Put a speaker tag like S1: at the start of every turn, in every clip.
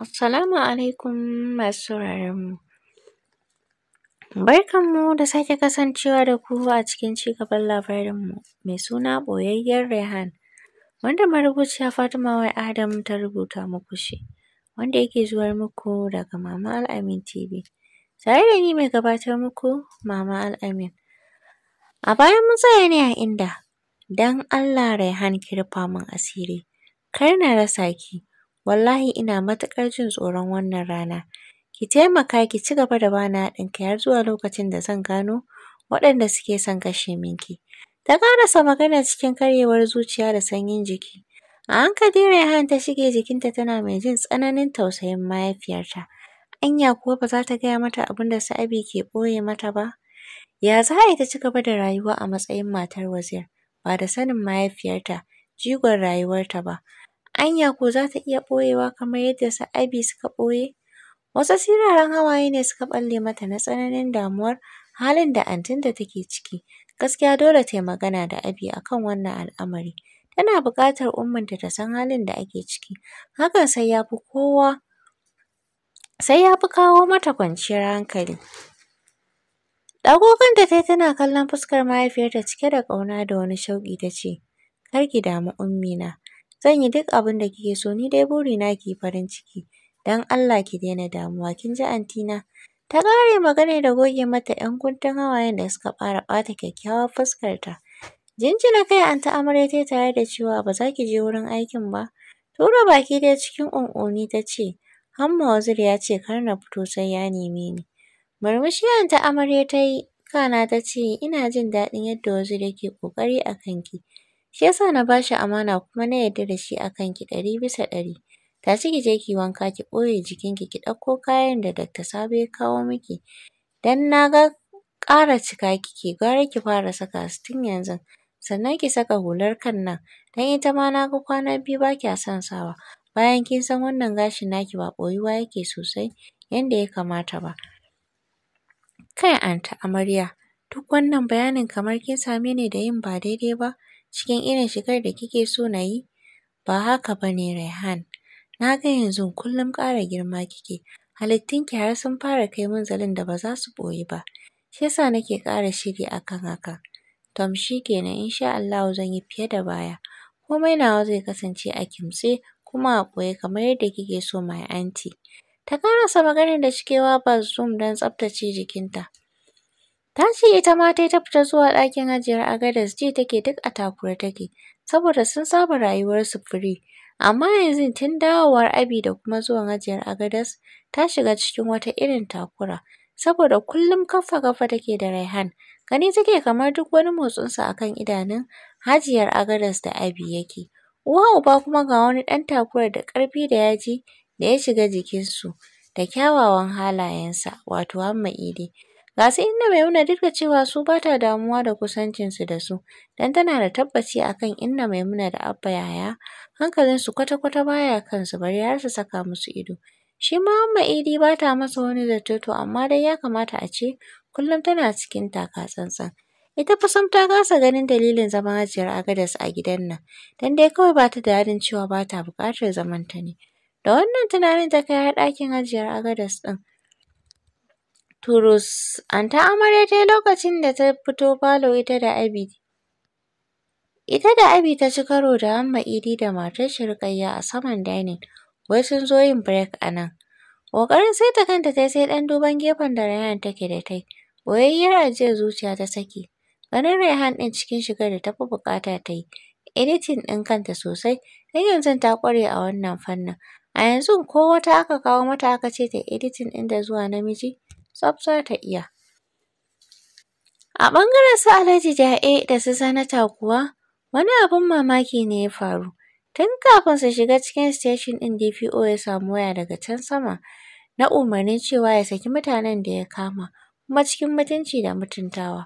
S1: Assalamu alaikum masu barkan mu da sake kasancewa da ku a cikin cigaban labarin mu mai suna ɓoyayyen Rehan wanda marubuciya Fatima Y. Adam ta rubuta muku shi wanda yake zuwa muku daga Mama Al-Amin TV. Tare da ni mai gabatar muku Mama Al-Amin. A baya mun tsaya ne a inda don Allah Rehan kirfa mun asiri kar na rasa ki. Wallahi ina matuƙar jin tsoron wannan rana. Ki taimaka ki ci gaba da bani haɗin kai har zuwa lokacin da zan gano waɗanda suke son kashe min ki. Ta ƙarasa magana cikin karyewar zuciya da sanyin jiki. A hankali Rayhan ta shige jikinta tana mai jin tsananin tausayin mahaifiyarta. Anya kuwa ba za ta gaya mata abin da Sa'abi ke ɓoye mata ba? Ya za a yi ta ci gaba da rayuwa a matsayin matar Wazir ba da sanin mahaifiyarta, jigon rayuwarta ba? Anya ko za ta iya ɓoyewa kamar yadda su Abi suka ɓoye? Wasu siraran hawaye ne suka ɓalle mata na tsananin damuwar halin da da take ciki. Gaskiya dole ta yi magana da Abi a kan wannan al'amari. Tana buƙatar umminta ta san halin da ake ciki. Hakan sai ya fi kowa sai ya kawo mata kwanciyar hankali. Ɗago ta tai tana kallon fuskar mahaifiyarta cike da ƙauna da wani shauƙi ta ce, Kar ki damu Ummina, zan yi duk abin da kike so ni dai burina ki farin ciki don Allah ki daina damuwa kin ji Antina. ta ƙare magana da goge mata ƴan guntun hawayen da suka fara ɓata kyakkyawar fuskarta jinjina kai anty amarya ta tare da cewa ba za ki je wurin aikin ba tura baki dai cikin ƙunƙuni ta ce hamma wazir ya ce kar na fito sai ya neme ni murmushi anty amarya ta yi kana ta ce ina jin daɗin yadda wazir yake ƙoƙari a kanki Shi yasa na bashi amana kuma na yarda da shi akan ki ɗari bisa ɗari. Tashi ki je ki wanka ki ɓoye jikinki ki ɗauko kayan da Dr. Sabo ya kawo miki. Dan na ga ƙara cika kike gara ki fara saka su tun yanzu. Sannan ki saka hular kan nan don ita ma na ga kwana biyu ba kya son sawa. Bayan kin san wannan gashin naki ba ɓoyuwa yake sosai yanda ya kamata ba. Kai anty amarya duk wannan bayanin kamar kin same ni da yin ba daidai ba. cikin irin shigar da kike so na yi? Ba haka ba ne Rayhan. Na ga yanzu kullum ƙara girma kike. Halittunki har sun fara kai munzalin da ba za su ɓoyi ba. Shi yasa nake ƙara shiri akan kan haka. Tom shi kenan sha Allah, zan yi fiye da baya. Komai nawa zai kasance a kimtse kuma a ɓoye kamar yadda kike so mai anti. Ta ƙarasa maganar da cikewa ba zoom don tsabtace jikinta. Ta ce ita ma tai ta fita zuwa ɗakin Hajiyar Agadas ji take duk a takure take saboda sun saba rayuwarsu fure. Amma yanzu tun dawowar Abi da kuma zuwan Hajiyar Agadas ta shiga cikin wata irin takura saboda kullum kaffa-kaffa take da Raihan. Gani take kamar duk wani motsinsa a kan idanun Hajiyar Agadas da Abi yake. Uwa uba kuma ga wani ɗan takurar da ƙarfi da yaji da ya shiga jikinsu da kyawawan halayensa wato Hamma Idi. Ga su inda Maimuna duk da cewa su ba ta damuwa da kusancinsu da su, don tana da tabbaci a kan inna Maimuna da Abba Yahaya hankalinsu kwata-kwata baya ya kansu bari har su saka musu ido. Shi ma Amma Idi ba ta masa wani zato to amma dai ya kamata a ce kullum tana cikin taka tsantsan. Ita fa sam ta gasa ganin dalilin zaman hajiyar Agadas a gidan nan, don dai kawai ba ta da cewa ba ta buƙatar zamanta ne. Da wannan tunanin ta kai har ɗakin hajiyar Agadas ɗin. turus an ta amarya ta yi lokacin da ta fito falo ita da abi ita da abi ta ci karo da hamma idi da matar shi a saman dining wai sun zo yin break a nan ƙoƙarin ta kanta ta sai ɗan duban gefen da rayan take da tai a jiya zuciya ta saki ganin rayhan ɗin cikin shigar da tafi fi buƙata ta yi editing ɗin kanta sosai don yanzu ta ƙware a wannan fannin a yanzu ko wata aka kawo mata aka ce ta editing ɗin da zuwa namiji tsaf ta iya. A ɓangaren su Alhaji Ja'e da su Sanata kuwa wani abin mamaki ne ya faru. Tun kafin su shiga cikin station ɗin DPO ya samu waya daga can sama na umarnin cewa ya saki mutanen da ya kama kuma cikin mutunci da mutuntawa.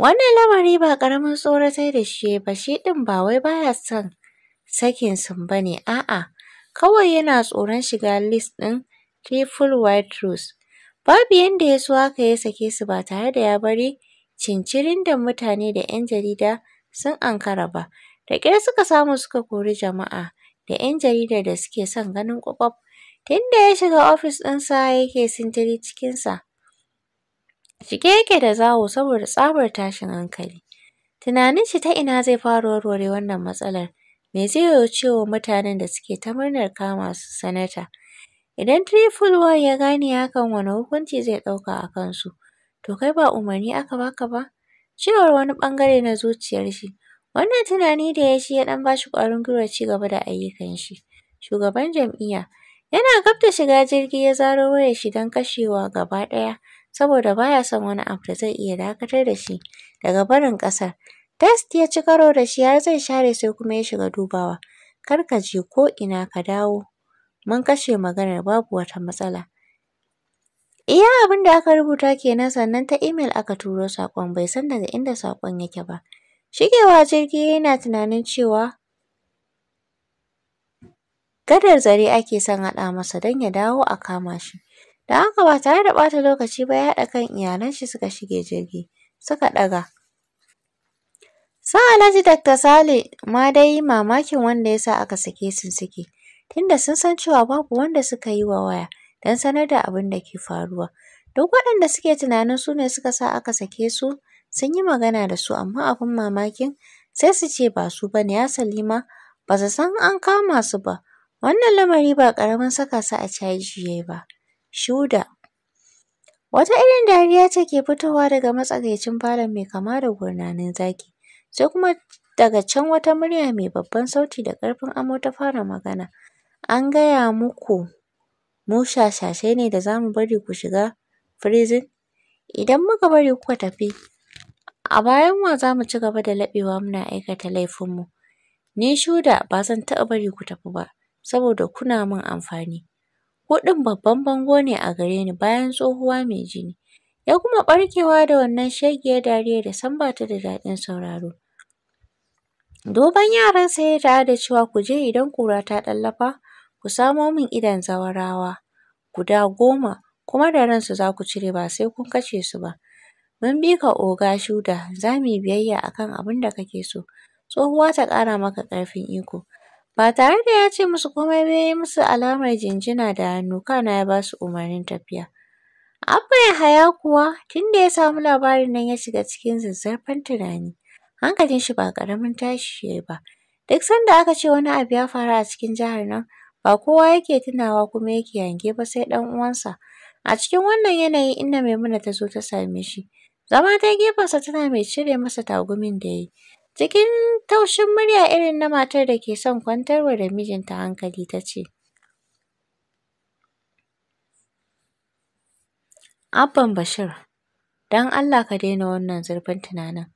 S1: Wannan lamari ba ƙaramin tsoratar da shi ba shi ɗin ba wai baya son sakin sun ba ne a'a kawai yana tsoron shiga list ɗin triple white rose Babu yanda ya so haka ya sake su ba tare da ya bari cincirin da mutane da ‘yan jarida sun ankara ba. Da ƙyar suka samu suka kori jama'a da ‘yan jaridar da suke son ganin ƙwaƙwaf. Tun ya shiga ofis ɗinsa yake sintiri cikinsa, cike yake da zawo saboda tsabar tashin hankali. Tunanin shi ta ina zai fara warware wannan matsalar? Me zai yo ce wa mutanen da suke ta murnar kama su sanata? Idan 3-full-wire ya gane hakan wani hukunci zai ɗauka a kansu? To kai ba umarni aka baka ba? Cewar wani bangare na zuciyar shi. Wannan tunani da ya shi ya ɗan bashi ƙwarin gwiwar ci gaba da ayyukan shi. Shugaban jam'iyya yana gab da shiga jirgi ya zaro wayar shi don kashewa gaba ɗaya saboda ba ya son wani abu da zai iya dakatar da shi daga barin ƙasar. Test ya ci karo da shi har zai share sai kuma ya shiga dubawa. Kar ka je ko'ina ka dawo. Mun kashe maganar babu wata matsala. Iya abin da aka rubuta kenan sannan ta imel aka turo saƙon bai san daga inda saƙon yake ba. Shigewa jirgi yana tunanin cewa gadar zare ake son haɗa masa don ya dawo a kama shi. Da haka ba tare da ɓata lokaci ba ya haɗa kan iyalan shi suka shige jirgi suka ɗaga. na Alhaji Dakta Sale ma dai mamakin wanda ya sa aka sake su suke. tunda sun san cewa babu wanda suka yi wa waya don sanar da abin da ke faruwa. Duk waɗanda suke tunanin su ne suka sa aka sake su sun yi magana da su amma abin mamakin sai su ce ba su ba ne ya Salima ba su san an kama su ba. Wannan lamari ba ƙaramin saka su a caji ya ba. Shuda Wata irin dariya ce ke fitowa daga matsakaicin falon mai kama da gurnanin zaki. Sai kuma daga can wata murya mai babban sauti da ƙarfin amo ta fara magana. An gaya muku mu shashashai ne da zamu bari ku shiga prison? Idan muka bari kuka tafi, a bayan wa za mu ci da laɓewa muna aikata laifinmu? Ni Shuda ba zan taɓa bari ku tafi ba saboda kuna min amfani. Ku ɗin babban bango ne a gare ni bayan tsohuwa mai jini. Ya kuma ɓarkewa da wannan shegiyar dariya da sam bata da daɗin sauraro. Duban yaransa ya yi da cewa ku je idan ƙura ta ɗallafa. ku samo min idon zawarawa guda goma kuma da ransu za ku cire ba sai kun kashe su ba. Mun bi ka oga Shuda za mu yi biyayya a kan abin da kake so. Tsohuwa ta ƙara maka ƙarfin iko. Ba tare da ya ce musu komai ba ya yi musu alamar jinjina da hannu kana ya ba su umarnin tafiya. Abba haya kuwa tun da ya samu labarin nan ya shiga cikin zazzarfan tunani. Hankalin shi ba ƙaramin tashi ya yi ba. Duk sanda aka ce wani abu ya faru a cikin jihar nan ba kowa yake tunawa kuma yake yanke ba sai ɗan uwansa. A cikin wannan yanayin inda Maimuna ta zo ta same shi. Zama ta gefensa tana mai cire masa tagumin da ya yi. Cikin taushin murya irin na matar da ke son kwantarwa da mijinta hankali ta ce, Abban Bashir, don Allah ka daina wannan zurfin tunanin.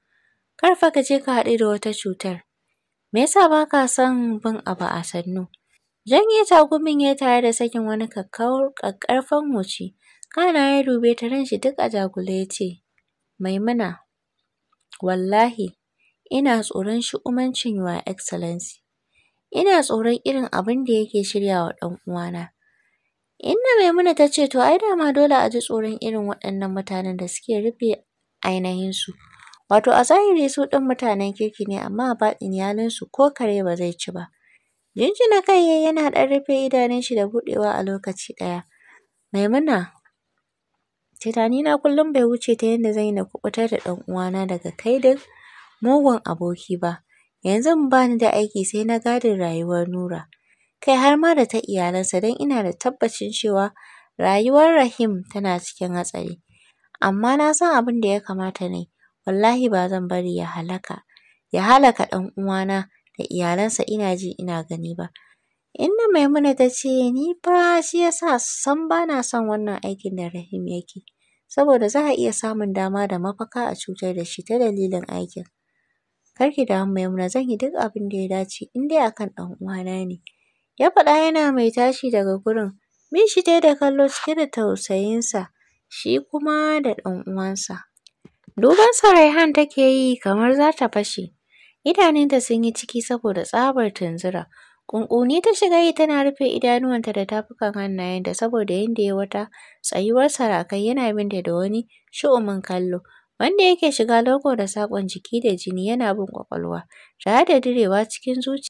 S1: Kar fa ka je ka haɗu da wata cutar. Me yasa ba ka son bin abu a sannu? Janye takumin ya tare da sakin wani ƙaƙƙarfan huci, kana ya dube ta ranshi duk a jagula ya ce, Maimuna, wallahi, ina tsoron shu'umancin Your Excellency. Ina tsoron irin abin da yake shirya wa ɗan ɗan'uwana. Inna Maimuna ta ce, To, ai dama dole a ji tsoron irin waɗannan mutanen da suke rufe ainihinsu. Wato, a zahiri su ɗin mutanen kirki ne, amma a baɗiniyalinsu ko kare ba zai ci ba. na kai yayi yana ɗan rufe idanun shi da buɗewa a lokaci ɗaya. Maimuna tunanina kullum bai wuce ta yanda zan yi na kuɓutar da ɗan uwana daga kaidin mugun aboki ba. Yanzu bani da aiki sai na gadin rayuwar Nura. Kai har ma da ta iyalansa don ina da tabbacin cewa rayuwar Rahim tana cikin hatsari. Amma na san abin da ya kamata na yi. Wallahi ba zan bari ya halaka, ya halaka ɗan uwana da iyalansa ina ji ina gani ba. Inna Maimuna ta ce ni fa shi ya sa san ba son wannan aikin da Rahim yake, saboda za a iya samun dama da mafaka a cutar da shi ta dalilin aikin. Kar ki damu Maimuna zan yi duk abin da ya dace in dai akan ɗan uwana ne. Ya faɗa yana mai tashi daga gurin, Min shi dai da kallo cike da tausayinsa, shi kuma da ɗan uwansa. Dubansa Raihan take yi kamar za ta fashe. Idanunta sun yi ciki saboda tsabar tunzura. Ƙunƙuni ta shiga yi tana rufe idanuwanta da tafukan da saboda yadda ya wata tsayuwar sarakai yana binta da wani shu'umin kallo. Wanda yake shiga loko da saƙon jiki da jini yana bin ƙwaƙwalwa, tare da direwa cikin zuci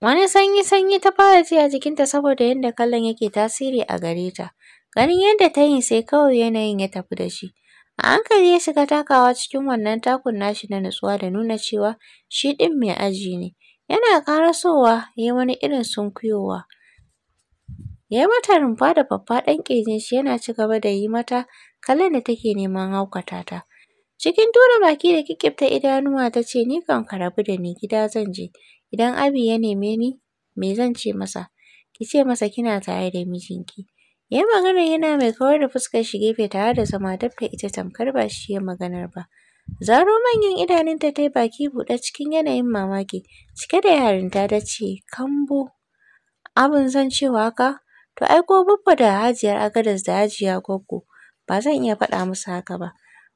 S1: Wani sanyi-sanyi ta fara ji a jikinta saboda yadda kallon yake tasiri a gare ta. Ganin yadda ta yi sai kawai yanayin ya tafi da shi. A hankali ya shiga takawa cikin wannan takun nashi na nutsuwa da nuna cewa shi ɗin mai aji ne. Yana ƙarasowa ya wani irin sunkuyowa. Ya mata rumfa da faffaɗan ƙirjin shi yana cigaba da yi mata kallon da take neman haukata ta. Cikin tura baki da ƙiƙimta idanuwa tace ni kan ka rabu da ni gida zan je. Idan Abi ya neme ni me zan ce masa? Ki ce masa kina tare da mijinki. Ya yi maganar yana mai kawar da fuskar shi gefe tare da zama dab ita tamkar ba shi ya maganar ba. Zaro manyan idanunta ta yi baki buɗe cikin yanayin mamaki, cike da yarinta ta ce, Kambo, abin zan cewa ka? To ai ko Baffa da Hajiyar Agadas da Hajiya goggo. ba zan iya faɗa musu haka ba.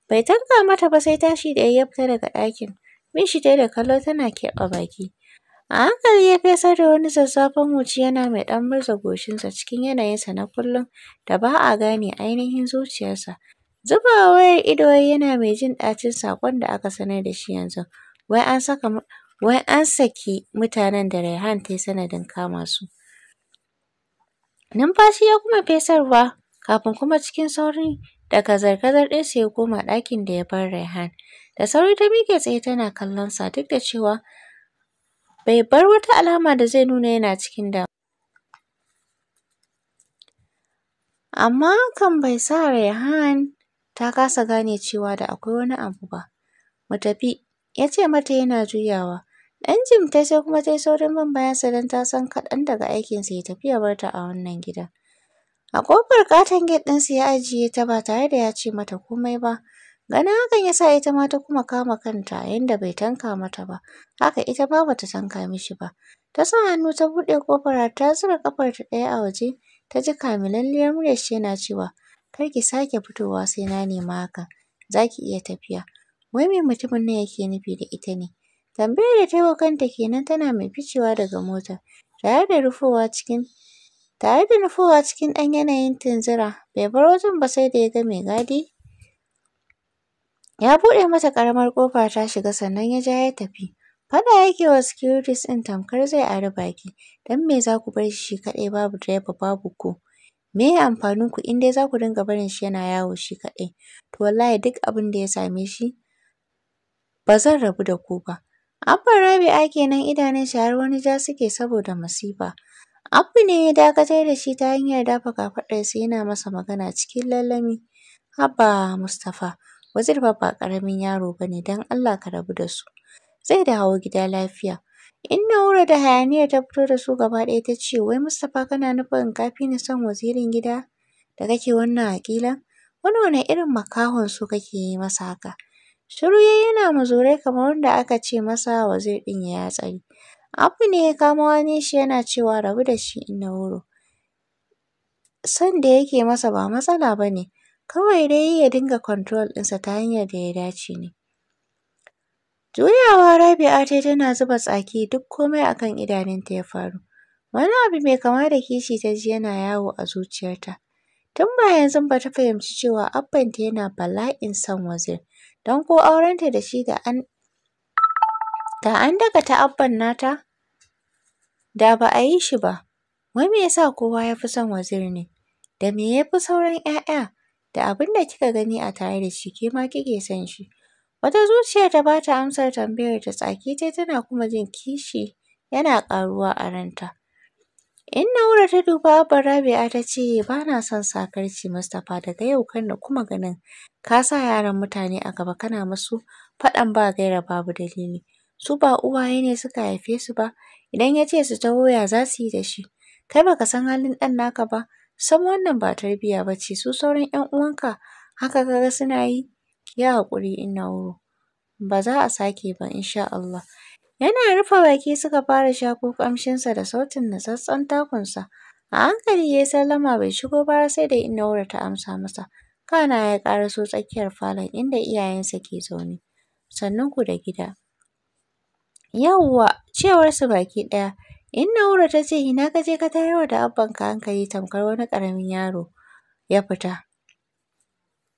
S1: Bai tanka mata ba sai tashi da yayyafta daga ɗakin. Bin shi dai da kallo tana keɓa baki. A hankali ya fesar da wani zazzafan wuci yana mai ɗan murza goshinsa cikin yanayinsa na kullum da ba a gane ainihin zuciyarsa. Zuba wayar ido yana mai jin ɗacin saƙon da aka sanar da shi yanzu. Wai an saka wai an saki mutanen da Rayhan ta yi sanadin kama su. Numfashi ya kuma fesarwa kafin kuma cikin sauri da kazar-kazar ɗinsa ya koma ɗakin da ya bar Rayhan. Da sauri ta miƙe tsaye tana kallonsa duk da cewa bai bar wata alama da zai nuna yana cikin damuwa amma kan bai sa Rayhan ta kasa gane cewa da akwai wani abu ba. Mu tafi, ya ce mata yana juyawa. Dan jim ta sai kuma ta yi saurin bin bayansa don ta san kaɗan daga aikinsa ya tafi ya bar ta a wannan gida. A ƙofar ƙaton gate ɗinsu ya ajiye ta ba tare da ya ce mata komai ba. Ganin hakan ya sa ita ma ta kuma kama kanta yayin bai tanka mata ba, haka ita ma ba ta tanka mishi ba. Ta sa hannu ta buɗe ƙofara ta zura ƙafarta ɗaya a waje, ta ji kamilalliyar muryar shi yana cewa, kar ki sake fitowa sai na nema hakan, za ki iya tafiya. Wai me mutumin nan yake nufi da ita ne? Tambayar da ta yi wa kanta kenan tana mai ficewa daga motar, tare da rufowa cikin tare da nufowa cikin ɗan yanayin tunzura, bai bar wajen ba sai da ya ga mai gadi Ya buɗe mata ƙaramar ƙofa ta shiga sannan ya ja ya tafi. Faɗa yake wa securities ɗin tamkar zai ari baki. Dan me za ku bar shi shi kaɗai babu direba babu ko. Me ya amfanin ku in dai za ku dinga barin shi yana yawo shi kaɗai? To wallahi duk abin da ya same shi ba zan rabu da ku ba. Abban Rabi'a kenan idanun shi har wani ja suke saboda masifa. Abu ne ya dakatar da shi ta hanyar dafa kafaɗarsa yana masa magana cikin lallami. Haba Mustapha. Wazir fa ba ƙaramin yaro ba ne don Allah ka rabu da su. Zai dawo gida lafiya. In Nura da hayaniya ta fito da su gaba ɗaya ta ce wai Mustapha kana nufin ka fi ni son wazirin gida da kake wannan aƙila? Wani wane irin makahon su kake yi masa haka? Shiru yayi yana muzurai kamar wanda aka ce masa wazir ɗin ya tsari. Abu ne ya kamo wani shi yana cewa rabu da shi in Nuru. Son da yake masa ba matsala ba ne. Kawai dai ya dinga control ɗinsa ta hanyar da ya dace ne. Juyawa Rabi'a ta tana zuba tsaki duk komai a kan idanunta ya faru. Wani abu mai kama da kishi ta ji yana yawo a zuciyarta. Tun ba yanzu ba ta fahimci cewa abbanta yana bala'in son Wazir, don ko aurenta da shi da an da an dakata abban nata da ba a yi shi ba. Wai me ya kowa ya fi son Wazir ne? Da me ya fi sauran 'ya'ya? da abin da kika gani a tare da shi ke ma kike son shi. Wata zuciyar da ba ta amsar tambayar ta tsaki tai tana kuma jin kishi yana ƙaruwa a ranta. In Na'ura ta duba Abba Rabi'a ta ce ba na son sakarci Mustapha daga yau kar na kuma ganin ka sa yaran mutane a gaba kana musu faɗan ba gaira babu dalili. Su ba uwaye ne suka haife su ba, idan ya ce su taho ya za su yi da shi? Kai ba ka san halin ɗan naka ba, san wannan ba tarbiyya ba ce, su sauran 'yan uwanka haka kaga suna yi, ya haƙuri, ina wuro ba za a sake ba insha Allah. Yana rufe baki suka fara shako ƙamshinsa da sautin natsatstsen takunsa. A hankali ya sallama bai shigo ba sai da wuro ta amsa masa. Kana ya ƙaraso tsakiyar falon inda iyayensa ke zaune. ku da gida. Yawwa! cewarsu baki ɗaya. In Na'ura ta ce ina ka je ka wa da abbanka hankali tamkar wani ƙaramin yaro ya fita.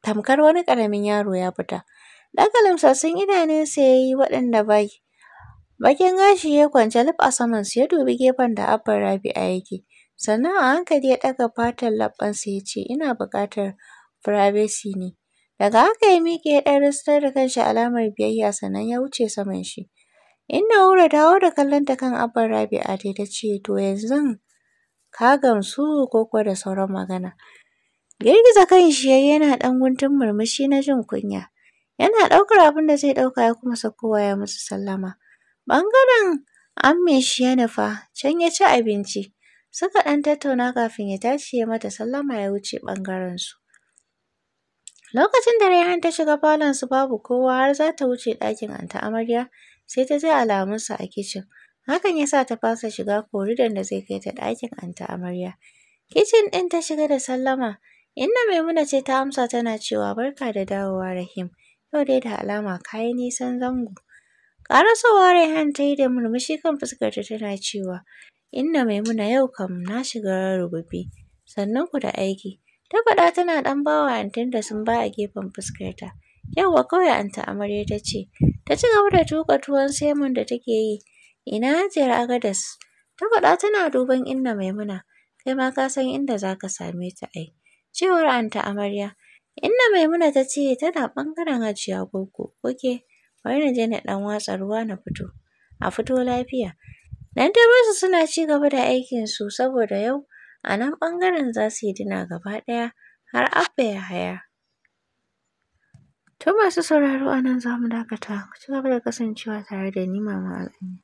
S1: Tamkar wani ƙaramin yaro ya fita. idanunsa ya yi waɗanda bai. bakin gashi ya kwance lif a saman su, ya dubi gefen da abban Rabi'a yake. Sannan a hankali ya ɗaga fatar leɓɓansa ya ce ina buƙatar privacy ne. Daga haka ya miƙe ya ɗan risnar da kanshi alamar biyayya sannan ya wuce saman shi. Inna-Hura dawo da kallonta kan Abban Rabi'a ta ta ce, To yanzu ka gamsu ko kuwa da sauran magana? Girgiza kan shi ya yana ɗan guntun murmushi na jin kunya. Yana ɗaukar abin da zai ɗauka ya kuma sakowa ya musu sallama. Ɓangaren ammin shi ya nufa, can ya ci abinci. Suka ɗan tattauna kafin ya tashi ya mata sallama ya wuce ɓangarensu. Lokacin da Raihan ta shiga falon su babu kowa har za ta wuce ɗakin Anta Amarya sai ta ji alamunsa a kicin. Hakan ya sa ta fasa shiga koridon da zai kai ta ɗakin Anta Amarya. Kicin ɗin ta shiga da sallama. Inna Maimuna ce ta amsa tana cewa barka da dawowa Rahim. Yau dai da alama kayi nisan zango. Ƙarasowa Raihan ta yi da murmushi kan fuskarta tana cewa Inna Maimuna yau kam na shiga rububi. Sannan ku da aiki. ta faɗa tana ɗan bawa antinta ba a gefen fuskarta. Yauwa kawai anti amarya ta ce, ta ci gaba da tuƙa tuwon semon da take yi. Ina hajiyar agadas? Ta faɗa tana duban inna maimuna, kai ma ka san inda za ka same ta ai. Cewar anti amarya, inna maimuna ta ce tana ɓangaren hajiya gogo oke bari na je na ɗan watsa ruwa na fito, a fito lafiya. Nan dai suna ci gaba da aikinsu saboda yau A nan ɓangaren za su yi dina gaba ɗaya har Abba ya haya. To masu sauraro a nan za mu dakata. Ku ci gaba da kasancewa tare da ni Mama Al'amin.